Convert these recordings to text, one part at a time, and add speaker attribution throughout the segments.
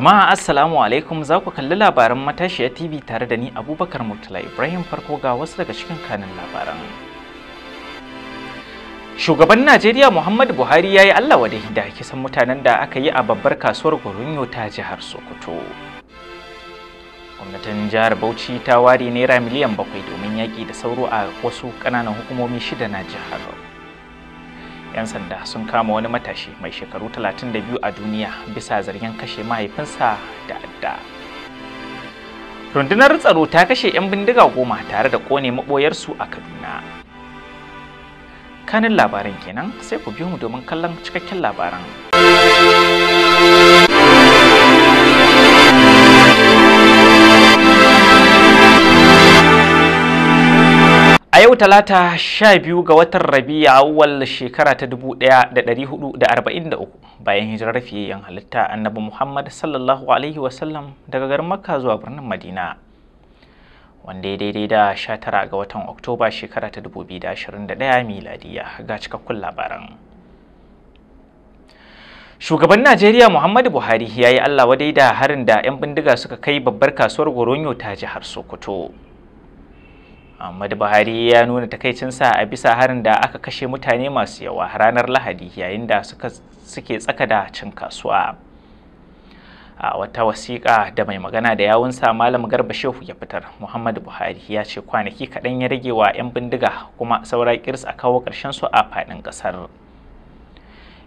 Speaker 1: Jama'a Assalamu alaikum za ku kalli labaran matashiya TV tare da ni Abubakar Murtala Ibrahim farko ga wasu daga cikin kanin labaran. Shugaban Najeriya Muhammadu Buhari ya yi Allah wadai da kisan mutanen da aka yi a babbar kasuwar Gorunyo ta jihar Sokoto. Gwamnatin jihar Bauchi ta ware naira miliyan bakwai domin yaƙi da sauro a wasu ƙananan hukumomi shida na jihar. 'yan sanda sun kama wani matashi mai shekaru 32 a duniya bisa zargin kashe mahaifinsa da adda rundunar tsaro ta kashe 'yan bindiga goma tare da kone maɓoyarsu a kaduna kanin labaran kenan sai ku biyo mu domin kallon cikakken labaran yau talata sha biyu ga watan Rabi'a awwal shekara ta dubu ɗaya da ɗari hudu da arba'in da uku bayan hijirar fiyayyen halitta annabi Muhammad sallallahu alaihi wasallam daga garin Makka zuwa birnin Madina. Wanda ya daidai da sha tara ga watan Oktoba shekara ta dubu biyu da ashirin da ɗaya miladiya ga cikakkun labaran. Shugaban Najeriya Muhammadu Buhari ya yi Allah wadai da harin da 'yan bindiga suka kai babbar kasuwar Goronyo ta jihar Sokoto. Ahmad Buhari ya nuna takaicinsa a bisa harin da aka kashe mutane masu yawa ranar Lahadi yayin da suke tsaka da cin kasuwa. A wata wasiƙa da mai magana da yawunsa Malam Garba Shehu ya fitar, Muhammad Buhari ya ce kwanaki kaɗan ya rage wa 'yan bindiga kuma saura kirs a kawo ƙarshen su a faɗin ƙasar.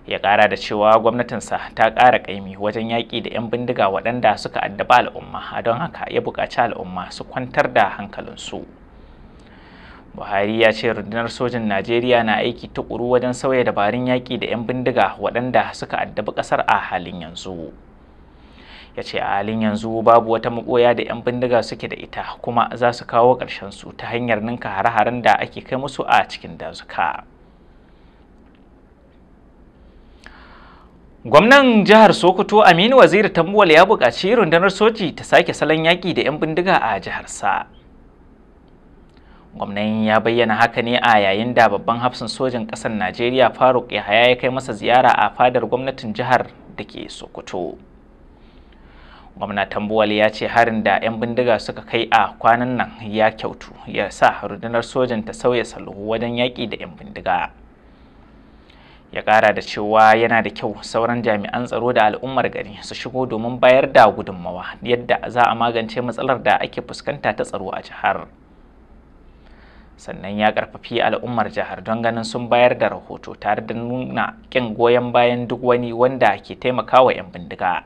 Speaker 1: Ya ƙara da cewa gwamnatinsa ta ƙara ƙaimi wajen yaƙi da 'yan bindiga waɗanda suka addaba al'umma, a don haka ya buƙaci al'umma su kwantar da hankalinsu. buhari ya ce rundunar sojin najeriya na aiki tukuru wajen sauya dabarun yaƙi da 'yan bindiga waɗanda suka addabi ƙasar a halin yanzu ya ce a halin yanzu babu wata makoya da 'yan bindiga suke da ita kuma za su kawo su ta hanyar ninka hare-haren da ake kai musu a cikin dazuka gwamnan jihar sokoto aminu waziri tambuwal ya buƙaci rundunar soji ta sake salon yaƙi da 'yan bindiga a jiharsa gwamnan ya bayyana haka ne a yayin da babban hafsin sojin ƙasar najeriya faruk yahaya ya kai masa ziyara a fadar gwamnatin jihar da ke sokoto gwamna tambuwal ya ce harin da 'yan bindiga suka kai a kwanan nan ya kyautu ya sa rundunar sojan ta sauya salo wajen yaki da 'yan bindiga ya ƙara da cewa yana da kyau sauran jami'an tsaro da al'ummar gari su shigo domin bayar da gudunmawa yadda za a magance matsalar da ake fuskanta ta tsaro a jihar. sannan ya karfafi al'ummar jihar don ganin sun bayar da rahoto tare da nuna ƙin goyon bayan duk wani wanda ke taimakawa 'yan bindiga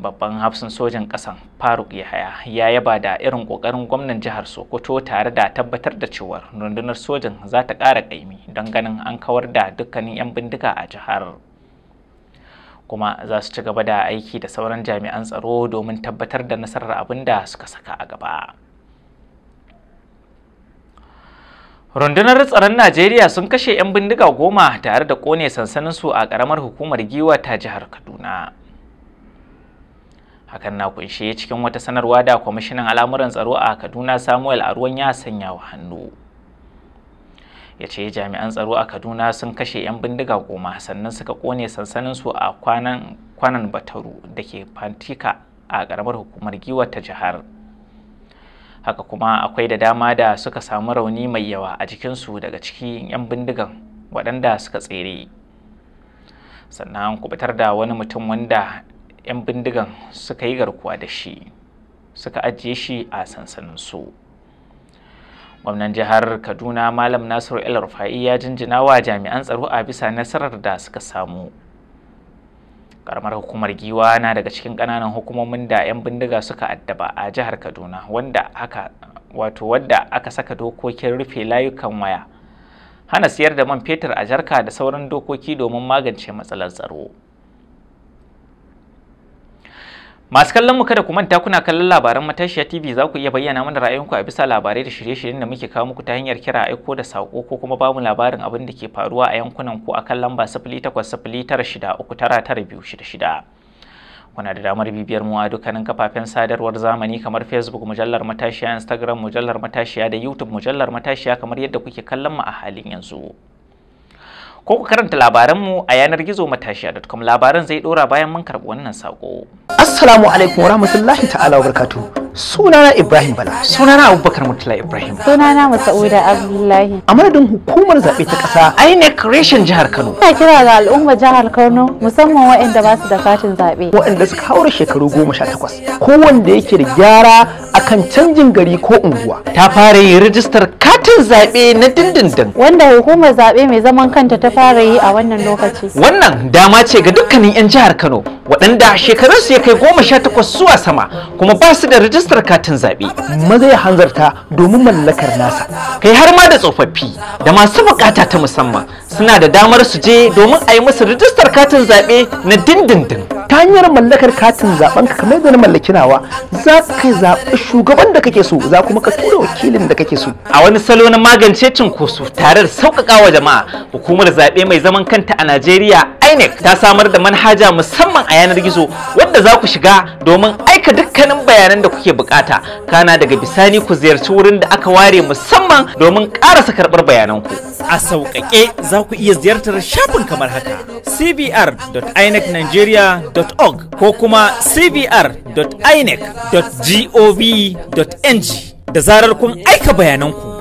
Speaker 1: babban hafsin sojan ƙasan faruk yahaya ya yaba da irin ƙoƙarin gwamnan jihar sokoto tare da tabbatar da cewar rundunar sojin za ta ƙara ƙaimi don ganin an kawar da dukkanin 'yan bindiga a jihar kuma za su ci gaba da aiki da sauran jami'an tsaro domin tabbatar da nasarar abin da suka saka a gaba. Rundunar tsaron Najeriya sun kashe 'yan bindiga goma tare da ƙone sansaninsu a ƙaramar hukumar giwa ta jihar Kaduna. Hakan na kunshe cikin wata sanarwa da kwamishinan al'amuran tsaro a Kaduna Samuel Aruwan ya sanya wa hannu. Ya ce jami'an tsaro a Kaduna sun kashe 'yan bindiga goma sannan suka ƙone sansaninsu a kwanan, kwanan Bataru da ke Fantika a ƙaramar hukumar giwa ta jihar. haka kuma akwai da dama da suka samu rauni mai yawa a jikinsu daga cikin 'yan bindigan waɗanda suka tsere sannan kubutar da wani mutum wanda 'yan bindigan suka yi garkuwa da shi suka ajiye shi a sansaninsu gwamnan jihar kaduna malam nasiru el rufa'i ya jinjina wa jami'an tsaro a bisa nasarar da suka samu karamar hukumar giwa na daga cikin kananan hukumomin da 'yan bindiga suka addaba a jihar kaduna wanda aka wato wadda aka saka dokokin rufe layukan waya hana siyar da man fetur a jarka da sauran dokoki domin magance matsalar tsaro Masu kallon mu kada ku manta kuna kallon labaran matashiya TV za ku iya bayyana mana ra'ayinku a bisa labarai da shirye-shiryen da muke kawo muku ta hanyar kira aiko da sako ko kuma bamu labarin abin da ke faruwa a yankunan ku akan lamba 08096399266. Kuna da damar bibiyar mu a dukkanin kafafen sadarwar zamani kamar Facebook mujallar matashiya, Instagram mujallar matashiya da YouTube mujallar matashiya kamar yadda kuke kallon mu a halin yanzu. ko ku karanta labaran mu a yanar gizo matashiya.com labaran zai dora bayan mun karɓi wannan sako. Assalamu alaikum wa rahmatullahi ta'ala wa sunana ibrahim bala sunana abubakar mutula ibrahim sunana masauda abdullahi a madadin hukumar zaɓe ta ƙasa inec reshen jihar kano ina kira ga al'umma jihar kano musamman waɗanda ba su da katin zaɓe waɗanda suka haura shekaru goma sha takwas ko wanda yake da gyara akan canjin gari ko unguwa ta fara yin rijistar katin zaɓe na dindindin wanda hukumar zaɓe mai zaman kanta ta fara yi a wannan lokaci wannan dama ce ga dukkanin 'yan jihar kano waɗanda shekarunsu ya kai goma sha takwas zuwa sama kuma ba su da rijistar rajistar katin zaɓe maza ya hanzarta domin mallakar nasa kai har ma da tsofaffi da masu bukata ta musamman suna da damar su je domin a yi musu rijistar katin zaɓe na dindindin ta hanyar mallakar katin zaben ka kamar da na mallaki nawa za ka zaɓi shugaban da kake so za kuma ka tura wakilin da kake so a wani salo na magance cinkoso tare da sauƙaƙa wa jama'a hukumar zaɓe mai zaman kanta a najeriya INEC ta samar da manhaja musamman a yanar gizo wadda za ku shiga domin aika dukkanin bayanan da kuke bukata kana daga bisani ku ziyarci wurin da aka ware musamman domin karasa karbar ku a sauƙaƙe za ku iya ziyartar shafin kamar haka cbr.inecnigeria.org ko kuma cbr.inec.gov.ng da zarar kun aika bayananku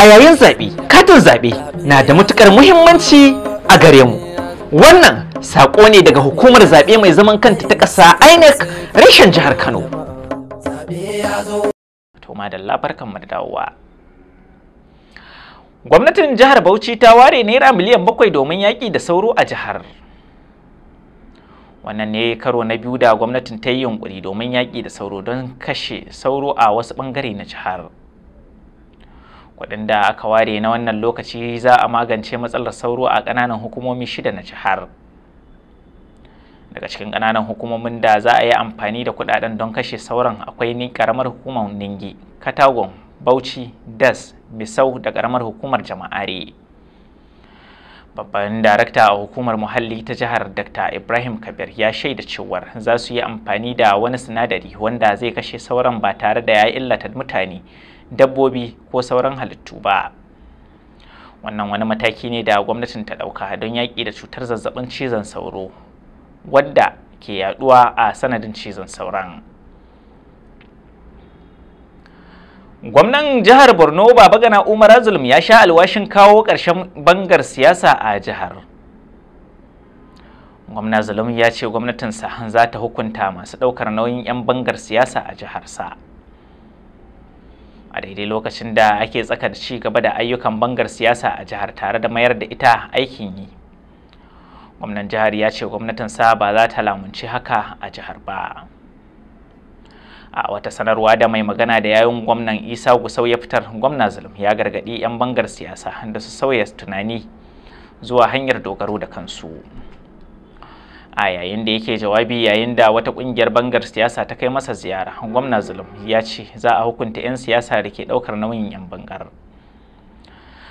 Speaker 1: a yayin zaɓe katin zaɓe na da matukar muhimmanci a gare mu wannan saƙo ne daga hukumar zaɓe mai zaman kanta ta ƙasa inec reshen jihar kano gwamnatin jihar bauchi ta ware naira miliyan bakwai domin yaƙi da sauro a jihar wannan ne karo na biyu da gwamnatin ta yi yunkuri domin yaƙi da sauro don kashe sauro a wasu ɓangare na jihar Waɗanda aka ware na wannan lokaci za a magance matsalar sauro a ƙananan hukumomi shida na jihar daga cikin ƙananan hukumomin da za a yi amfani da kuɗaɗen don kashe sauran akwai ni ƙaramar hukumar ningi katagon bauchi das bisau da karamar hukumar jama'are babban darakta a hukumar muhalli ta jihar dr ibrahim kabir ya shaida cewa za su yi amfani da wani sinadari wanda zai kashe sauran ba tare da ya illata mutane dabbobi ko sauran halittu ba wannan wani mataki ne da gwamnatin ta ɗauka don yaƙi da cutar zazzabin cizon sauro wadda ke yaduwa a sanadin cizon sauran gwamnan jihar borno babagana umar azulum ya sha alwashin kawo ƙarshen bangar siyasa a jihar gwamna zulum ya ce gwamnatinsa za ta hukunta masu ɗaukar nauyin 'yan bangar siyasa a jiharsa. a daidai lokacin da ake tsaka da ci gaba da ayyukan bangar siyasa a jihar tare da mayar da ita aikin yi gwamnan jihar ya ce gwamnatin sa ba za ta lamunci haka a jihar ba a wata sanarwa da mai magana da yayin gwamnan isa gusau ya fitar gwamna zulum ya gargaɗi 'yan bangar siyasa da su sauya tunani zuwa hanyar dogaro da kansu a yayin da yake jawabi yayin da wata kungiyar bangar siyasa ta kai masa ziyara gwamna zulum ya ce za a hukunta 'yan siyasa da ke daukar nauyin 'yan bangar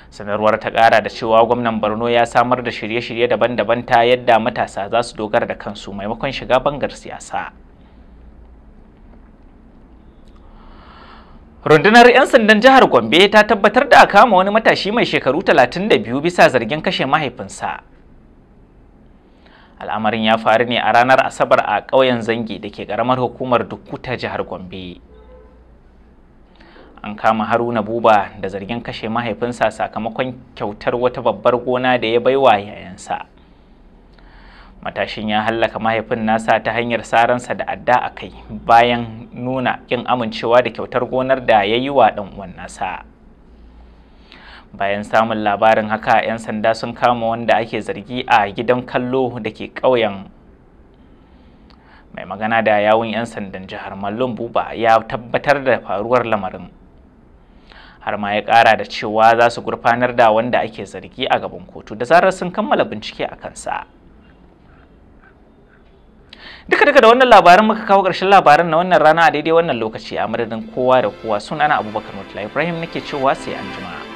Speaker 1: sanarwar ta kara da cewa gwamnan borno ya samar da shirye-shirye daban-daban ta yadda matasa za su dogara da kansu maimakon shiga bangar siyasa Rundunar 'yan sandan jihar Gombe ta tabbatar da kama wani matashi mai shekaru 32 bisa zargin kashe mahaifinsa. al'amarin ya faru ne a ranar asabar a ƙauyen zangi da ke ƙaramar hukumar dukkuta jihar gombe an kama haruna buba da zargin kashe mahaifinsa sakamakon kyautar wata babbar gona da ya baiwa yayansa matashin ya hallaka mahaifin nasa ta hanyar saransa da adda a kai bayan nuna ƙin amincewa da kyautar gonar da ya yi wa ɗan uwan nasa bayan samun labarin haka 'yan sanda sun kama wanda ake zargi a gidan kallo da ke ƙauyen mai magana da yawun 'yan sandan jihar mallon buba ya tabbatar da faruwar lamarin har ma ya ƙara da cewa za su gurfanar da wanda ake zargi a gaban kotu da zarar sun kammala bincike a kansa duka duka da wannan labarin muka kawo ƙarshen labarin na wannan rana a daidai wannan lokaci a madadin kowa da kowa sunana abubakar mutla ibrahim nake cewa sai an jima'a